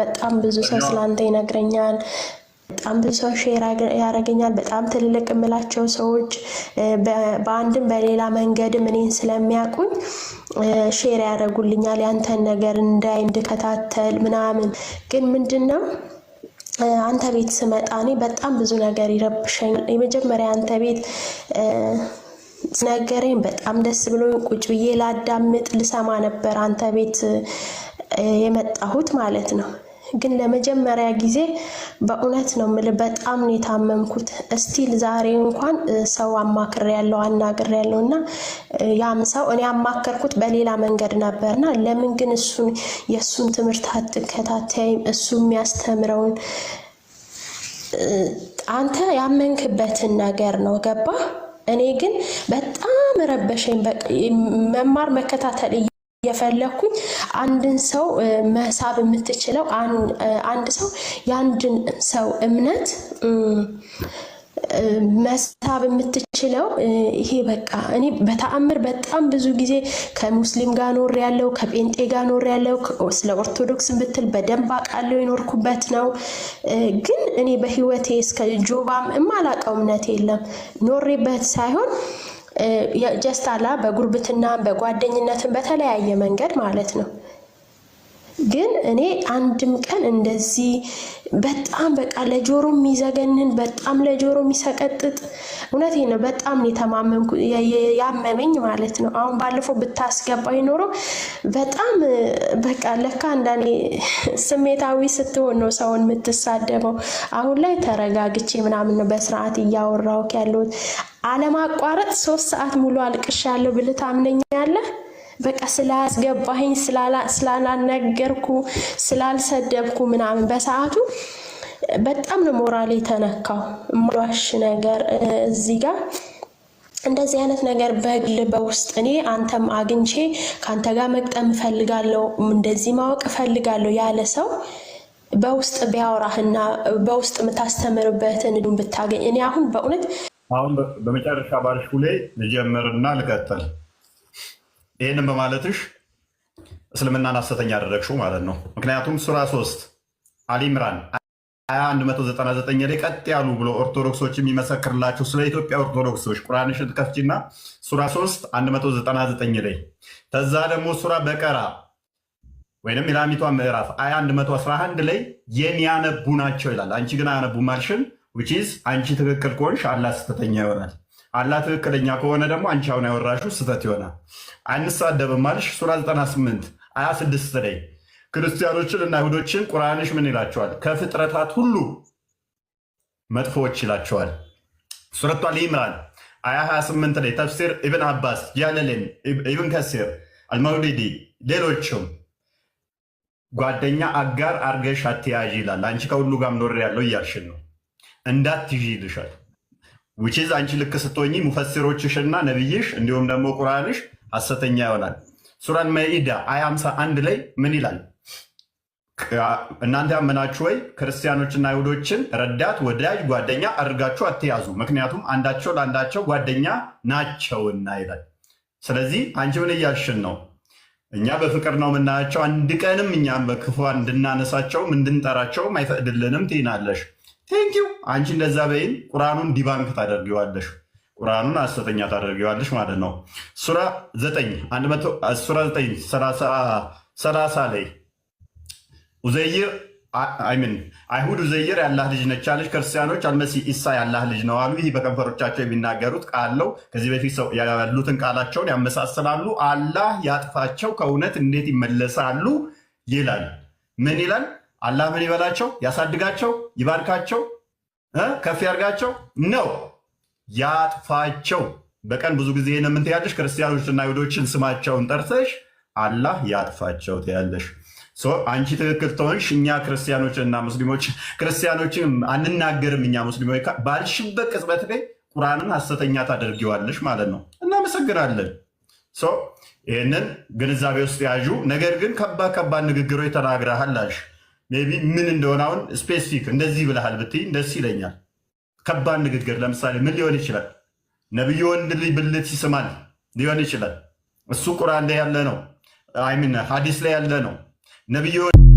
በጣም ብዙ ሰው ስለአንተ ይነግረኛል። በጣም ብዙ ሰው ሼር ያደርገኛል። በጣም ትልልቅ የምላቸው ሰዎች በአንድም በሌላ መንገድም እኔን ስለሚያውቁኝ ሼር ያደርጉልኛል ያንተን ነገር እንዳይ እንድከታተል ምናምን። ግን ምንድን ነው አንተ ቤት ስመጣ እኔ በጣም ብዙ ነገር ይረብሸኛል። የመጀመሪያ አንተ ቤት ነገረኝ በጣም ደስ ብሎ ቁጭ ብዬ ላዳምጥ ልሰማ ነበር አንተ ቤት የመጣሁት ማለት ነው። ግን ለመጀመሪያ ጊዜ በእውነት ነው ምል በጣም ነው የታመምኩት። እስቲል ዛሬ እንኳን ሰው አማክር ያለው አናግር ያለው እና ያም ሰው እኔ አማከርኩት በሌላ መንገድ ነበር እና ለምን ግን እሱን የእሱን ትምህርት አትከታተይም? እሱ የሚያስተምረውን አንተ ያመንክበትን ነገር ነው ገባ። እኔ ግን በጣም ረበሸኝ መማር መከታተል የፈለግኩኝ አንድን ሰው መሳብ የምትችለው አንድ ሰው የአንድን ሰው እምነት መሳብ የምትችለው ይሄ በቃ እኔ በተአምር በጣም ብዙ ጊዜ ከሙስሊም ጋር ኖር ያለው ከጴንጤ ጋር ኖር ያለው ስለ ኦርቶዶክስ ብትል በደንብ አውቃለሁ የኖርኩበት ነው። ግን እኔ በህይወቴ እስከ ጆባም የማላውቀው እምነት የለም ኖሬበት ሳይሆን ጀስታላ በጉርብትና በጓደኝነትን በተለያየ መንገድ ማለት ነው ግን እኔ አንድም ቀን እንደዚህ በጣም በቃ ለጆሮ የሚዘገንን በጣም ለጆሮ የሚሰቀጥጥ እውነት ነው። በጣም የተማመንኩ ያመመኝ ማለት ነው። አሁን ባለፈው ብታስገባ ኖሮ በጣም በቃ ለካ አንዳንዴ ስሜታዊ ስትሆን ነው ሰውን የምትሳደበው። አሁን ላይ ተረጋግቼ ምናምን ነው በስርዓት እያወራሁት ያለሁት። አለማቋረጥ ሶስት ሰዓት ሙሉ አልቅሻለሁ ብልህ ታምነኛለህ? በቃ ስላስገባኝ ስላላነገርኩ ስላልሰደብኩ ምናምን በሰዓቱ በጣም ነው ሞራል የተነካው። ማሽ ነገር እዚህ ጋር እንደዚህ አይነት ነገር በግል በውስጥ እኔ አንተም አግኝቼ ከአንተ ጋር መቅጠም እፈልጋለሁ፣ እንደዚህ ማወቅ እፈልጋለሁ ያለ ሰው በውስጥ ቢያወራህና በውስጥ የምታስተምርበትን እንዲሁም ብታገኝ እኔ አሁን በእውነት አሁን በመጨረሻ ባልሽው ላይ ልጀምርና ልቀጥል ይህንም በማለትሽ እስልምናን ሐሰተኛ አደረግሽው ማለት ነው። ምክንያቱም ሱራ 3 አሊምራን 199 ላይ ቀጥ ያሉ ብሎ ኦርቶዶክሶች የሚመሰክርላቸው ስለ ኢትዮጵያ ኦርቶዶክሶች ቁርአንሽን ትከፍቺና ሱራ 3 199 ላይ ተዛ ደግሞ ሱራ በቀራ ወይም ኢላሚቷ ምዕራፍ 111 ላይ የሚያነቡ ናቸው ይላል። አንቺ ግን አያነቡ ማልሽን አንቺ ትክክል ከሆንሽ አላ ሐሰተኛ ይሆናል። አላ ትክክለኛ ከሆነ ደግሞ አንቺ አሁን ያወራሽው ስህተት ይሆናል። አንሳደብም አልሽ። ሱራ 98 አያ 6 ላይ ክርስቲያኖችን እና አይሁዶችን ቁርአንሽ ምን ይላቸዋል? ከፍጥረታት ሁሉ መጥፎዎች ይላቸዋል። ሱረቱ አል ኢምራን አያ 28 ላይ ተፍሲር ኢብን አባስ፣ ጃለሌን፣ ኢብን ከሲር፣ አልመውሊዲ ሌሎችም ጓደኛ አጋር አርገሽ አትያዥ ይላል። አንቺ ከሁሉ ጋር ኖሬ ያለው እያልሽን ነው። እንዳትይዥ ይልሻል። ዊችዝ አንቺ ልክ ስትሆኚ ሙፈሲሮችሽና ነብይሽ እንዲሁም ደግሞ ቁርአንሽ ሐሰተኛ ይሆናል። ሱራን መኢዳ አይ ሃምሳ አንድ ላይ ምን ይላል? እናንተ ያመናችሁ ወይ ክርስቲያኖችና አይሁዶችን ረዳት፣ ወዳጅ፣ ጓደኛ አድርጋችሁ አትያዙ፣ ምክንያቱም አንዳቸው ለአንዳቸው ጓደኛ ናቸውና ይላል። ስለዚህ አንቺ ምን እያልሽን ነው? እኛ በፍቅር ነው የምናያቸው፣ አንድ ቀንም እኛም በክፉ እንድናነሳቸውም እንድንጠራቸውም አይፈቅድልንም ትይናለሽ። ቴንኪው አንቺ እንደዛ በይን። ቁርአኑን ዲባንክ ታደርጊዋለሽ፣ ቁርአኑን አሰተኛ ታደርጊዋለሽ ማለት ነው። ሱራ ዘጠኝ ሱራ ዘጠኝ ሰላሳ ላይ ኡዘይር አይምን አይሁድ ዘይር ያላህ ልጅ ነች አለች። ክርስቲያኖች አልመሲህ ኢሳ ያላህ ልጅ ነው አሉ። ይህ በከንፈሮቻቸው የሚናገሩት ቃል ነው። ከዚህ በፊት ሰው ያሉትን ቃላቸውን ያመሳሰላሉ። አላህ ያጥፋቸው፣ ከእውነት እንዴት ይመለሳሉ ይላል። ምን ይላል? አላህ ምን ይበላቸው፣ ያሳድጋቸው፣ ይባርካቸው፣ ከፍ ያርጋቸው ነው ያጥፋቸው። በቀን ብዙ ጊዜ ይህን የምትያለሽ ክርስቲያኖችና ይሁዶችን ስማቸውን ጠርተሽ አላህ ያጥፋቸው ትያለሽ። አንቺ ትክክል ትሆንሽ። እኛ እና ሙስሊሞች ክርስቲያኖችን አንናገርም። እኛ ሙስሊሞች ባልሽበት ቅጽበት ላይ ቁርአንን ሐሰተኛ ታደርጊዋለሽ ማለት ነው። እናመሰግናለን። ይህንን ግንዛቤ ውስጥ ያዡ። ነገር ግን ከባድ ከባድ ንግግሮች ተናግረሃል ቢ ምን እንደሆነ አሁን ስፔሲፊክ እንደዚህ ብለሃል ብትይ ደስ ይለኛል። ከባድ ንግግር ለምሳሌ ምን ሊሆን ይችላል? ነብዩ ወንድ ብልት ይስማል ሊሆን ይችላል። እሱ ቁርአን ላይ ያለ ነው፣ ሀዲስ ላይ ያለ ነው። ወንድ